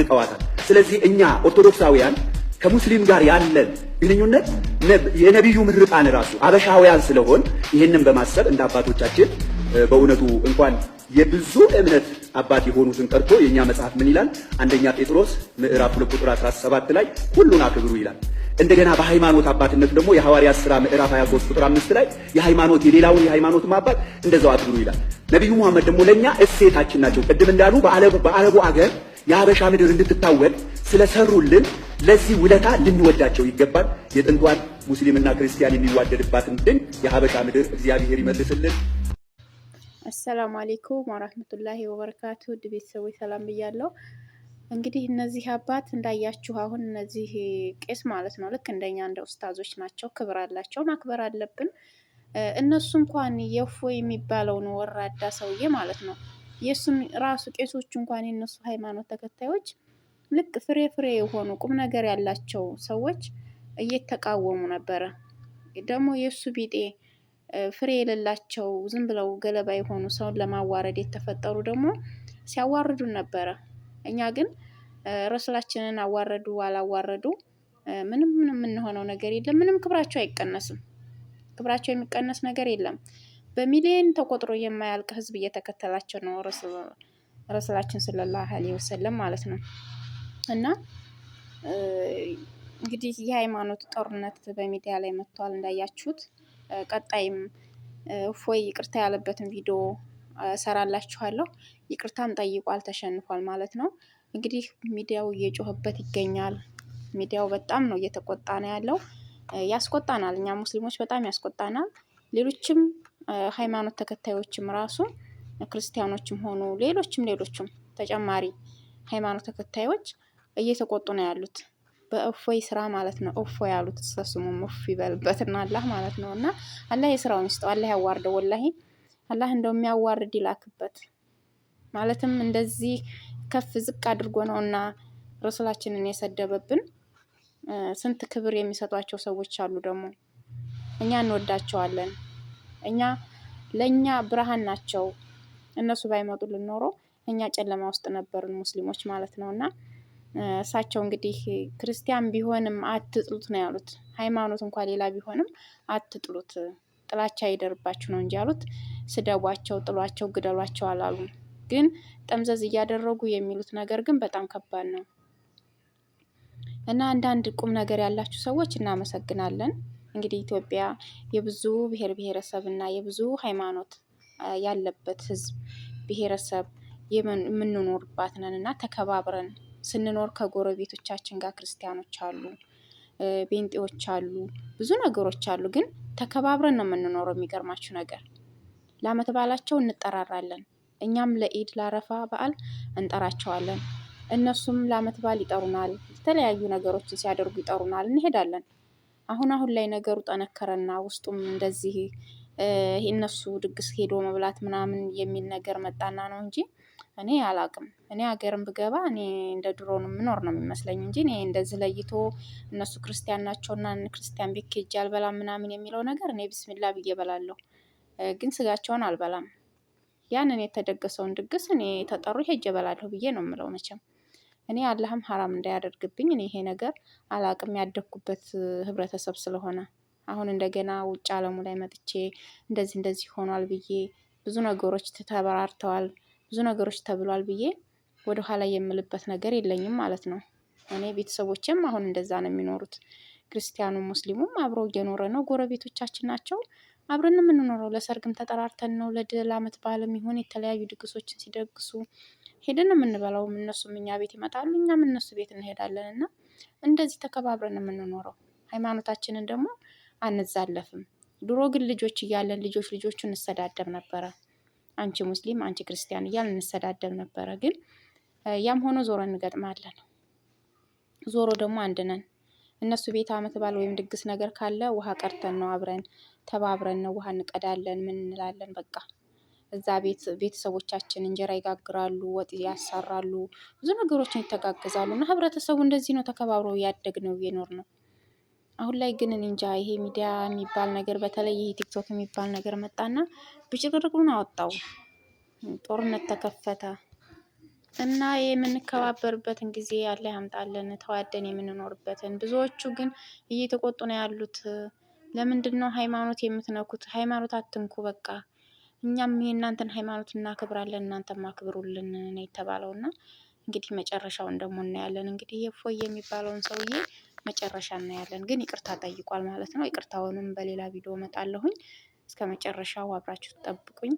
ርቀዋታል። ስለዚህ እኛ ኦርቶዶክሳውያን ከሙስሊም ጋር ያለን ግንኙነት የነቢዩ ምርቃን ራሱ አበሻውያን ስለሆን ይህንን በማሰብ እንደ አባቶቻችን በእውነቱ እንኳን የብዙ እምነት አባት የሆኑትን ቀርቶ የእኛ መጽሐፍ ምን ይላል? አንደኛ ጴጥሮስ ምዕራፍ ሁለት ቁጥር 17 ላይ ሁሉን አክብሩ ይላል። እንደገና በሃይማኖት አባትነት ደግሞ የሐዋርያት ሥራ ምዕራፍ 23 ቁጥር 5 ላይ የሃይማኖት የሌላውን የሃይማኖት አባት እንደዛው አክብሩ ይላል። ነቢዩ መሐመድ ደግሞ ለእኛ እሴታችን ናቸው። ቅድም እንዳሉ በአረቡ አገር የሀበሻ ምድር እንድትታወቅ ስለሰሩልን ለዚህ ውለታ ልንወዳቸው ይገባል። የጥንቷን ሙስሊምና ክርስቲያን የሚዋደድባትን ድን የሀበሻ ምድር እግዚአብሔር ይመልስልን። አሰላሙ አሌይኩም ወራህመቱላሂ ወበረካቱ። ውድ ቤተሰቦች ሰላም ብያለሁ። እንግዲህ እነዚህ አባት እንዳያችሁ አሁን እነዚህ ቄስ ማለት ነው ልክ እንደኛ እንደ ኡስታዞች ናቸው። ክብር አላቸው፣ ማክበር አለብን። እነሱ እንኳን የፎ የሚባለውን ወራዳ ሰውዬ ማለት ነው የእሱም ራሱ ቄሶች እንኳን የነሱ ሃይማኖት ተከታዮች ልክ ፍሬ ፍሬ የሆኑ ቁም ነገር ያላቸው ሰዎች እየተቃወሙ ነበረ። ደግሞ የእሱ ቢጤ ፍሬ የሌላቸው ዝም ብለው ገለባ የሆኑ ሰውን ለማዋረድ የተፈጠሩ ደግሞ ሲያዋርዱን ነበረ። እኛ ግን ረሱላችንን አዋረዱ አላዋረዱ ምንም ምንም የምንሆነው ነገር የለም። ምንም ክብራቸው አይቀነስም። ክብራቸው የሚቀነስ ነገር የለም። በሚሊዮን ተቆጥሮ የማያልቅ ህዝብ እየተከተላቸው ነው ረሱላችን ሰለላሁ ዐለይሂ ወሰለም ማለት ነው። እና እንግዲህ የሃይማኖት ጦርነት በሚዲያ ላይ መጥቷል እንዳያችሁት። ቀጣይም እፎይ ይቅርታ ያለበትን ቪዲዮ እሰራላችኋለሁ። ይቅርታም ጠይቋል፣ ተሸንፏል ማለት ነው። እንግዲህ ሚዲያው እየጮህበት ይገኛል። ሚዲያው በጣም ነው እየተቆጣ ነው ያለው። ያስቆጣናል፣ እኛ ሙስሊሞች በጣም ያስቆጣናል። ሌሎችም ሃይማኖት ተከታዮችም ራሱ ክርስቲያኖችም ሆኑ ሌሎችም ሌሎችም ተጨማሪ ሃይማኖት ተከታዮች እየተቆጡ ነው ያሉት በእፎይ ስራ ማለት ነው። እፎ ያሉት እስተስሙም እፍ ይበልበትና አላህ ማለት ነው። እና አላህ የስራውን ይስጠው፣ አላህ ያዋርደው። ወላሂ አላህ እንደው የሚያዋርድ ይላክበት። ማለትም እንደዚህ ከፍ ዝቅ አድርጎ ነው እና ረሱላችንን የሰደበብን። ስንት ክብር የሚሰጧቸው ሰዎች አሉ። ደግሞ እኛ እንወዳቸዋለን። እኛ ለእኛ ብርሃን ናቸው። እነሱ ባይመጡልን ኖሮ እኛ ጨለማ ውስጥ ነበርን ሙስሊሞች ማለት ነው። እና እሳቸው እንግዲህ ክርስቲያን ቢሆንም አትጥሉት ነው ያሉት። ሃይማኖት እንኳ ሌላ ቢሆንም አትጥሉት፣ ጥላቻ ይደርባችሁ ነው እንጂ ያሉት። ስደቧቸው፣ ጥሏቸው፣ ግደሏቸው አላሉም። ግን ጠምዘዝ እያደረጉ የሚሉት ነገር ግን በጣም ከባድ ነው እና አንዳንድ ቁም ነገር ያላችሁ ሰዎች እናመሰግናለን። እንግዲህ ኢትዮጵያ የብዙ ብሔር ብሔረሰብ እና የብዙ ሃይማኖት ያለበት ህዝብ ብሔረሰብ የምንኖርባት ነን እና ተከባብረን ስንኖር ከጎረቤቶቻችን ጋር ክርስቲያኖች አሉ፣ ቤንጤዎች አሉ፣ ብዙ ነገሮች አሉ። ግን ተከባብረን ነው የምንኖረው። የሚገርማችሁ ነገር ለአመት በዓላቸው እንጠራራለን። እኛም ለኢድ ለአረፋ በዓል እንጠራቸዋለን። እነሱም ለአመት በዓል ይጠሩናል። የተለያዩ ነገሮችን ሲያደርጉ ይጠሩናል። እንሄዳለን። አሁን አሁን ላይ ነገሩ ጠነከረና ውስጡም እንደዚህ እነሱ ድግስ ሄዶ መብላት ምናምን የሚል ነገር መጣና ነው እንጂ እኔ አላቅም። እኔ ሀገርም ብገባ እኔ እንደ ድሮ ነው የምኖር ነው የሚመስለኝ እንጂ እኔ እንደዚህ ለይቶ እነሱ ክርስቲያን ናቸውና ክርስቲያን ቤት ኬጅ አልበላም ምናምን የሚለው ነገር እኔ ብስሚላ ብዬ እበላለሁ፣ ግን ስጋቸውን አልበላም። ያንን የተደገሰውን ድግስ እኔ ተጠሩ ሄጄ እበላለሁ ብዬ ነው የምለው መቼም እኔ አላህም ሀራም እንዳያደርግብኝ እኔ ይሄ ነገር አላቅም ያደግኩበት ህብረተሰብ ስለሆነ አሁን እንደገና ውጭ አለሙ ላይ መጥቼ እንደዚህ እንደዚህ ሆኗል ብዬ ብዙ ነገሮች ተበራርተዋል፣ ብዙ ነገሮች ተብሏል ብዬ ወደኋላ የምልበት ነገር የለኝም ማለት ነው። እኔ ቤተሰቦችም አሁን እንደዛ ነው የሚኖሩት። ክርስቲያኑ ሙስሊሙም አብሮ እየኖረ ነው። ጎረቤቶቻችን ናቸው። አብረን የምንኖረው ለሰርግም ተጠራርተን ነው። ለድል አመት በዓልም ይሁን የተለያዩ ድግሶችን ሲደግሱ ሄደን የምንበላው እነሱም እኛ ቤት ይመጣሉ፣ እኛም እነሱ ቤት እንሄዳለን እና እንደዚህ ተከባብረን የምንኖረው ሃይማኖታችንን ደግሞ አንዛለፍም። ድሮ ግን ልጆች እያለን ልጆች ልጆቹ እንሰዳደብ ነበረ። አንቺ ሙስሊም አንቺ ክርስቲያን እያል እንሰዳደብ ነበረ። ግን ያም ሆኖ ዞሮ እንገጥማለን። ዞሮ ደግሞ አንድ ነን። እነሱ ቤት አመት ባል ወይም ድግስ ነገር ካለ ውሃ ቀርተን ነው አብረን ተባብረን ነው ውሃ እንቀዳለን። ምን እንላለን በቃ እዛ ቤት ቤተሰቦቻችን እንጀራ ይጋግራሉ፣ ወጥ ያሰራሉ፣ ብዙ ነገሮችን ይተጋግዛሉ። እና ህብረተሰቡ እንደዚህ ነው ተከባብሮ ያደግ ነው የኖር ነው። አሁን ላይ ግን እንጃ ይሄ ሚዲያ የሚባል ነገር በተለይ ይሄ ቲክቶክ የሚባል ነገር መጣና ብጭቅርቅሉን አወጣው፣ ጦርነት ተከፈተ። እና የምንከባበርበትን ጊዜ ያለ ያምጣልን፣ ተዋደን የምንኖርበትን። ብዙዎቹ ግን እየተቆጡ ነው ያሉት። ለምንድን ነው ሃይማኖት የምትነኩት? ሃይማኖት አትንኩ በቃ እኛም የእናንተን ሃይማኖት እናክብራለን እናንተም አክብሩልን የተባለው እና እንግዲህ መጨረሻውን ደግሞ እናያለን። እንግዲህ የፎይ የሚባለውን ሰውዬ መጨረሻ እናያለን። ግን ይቅርታ ጠይቋል ማለት ነው። ይቅርታውንም በሌላ ቪዲዮ እመጣለሁኝ። እስከ መጨረሻው አብራችሁ ጠብቁኝ።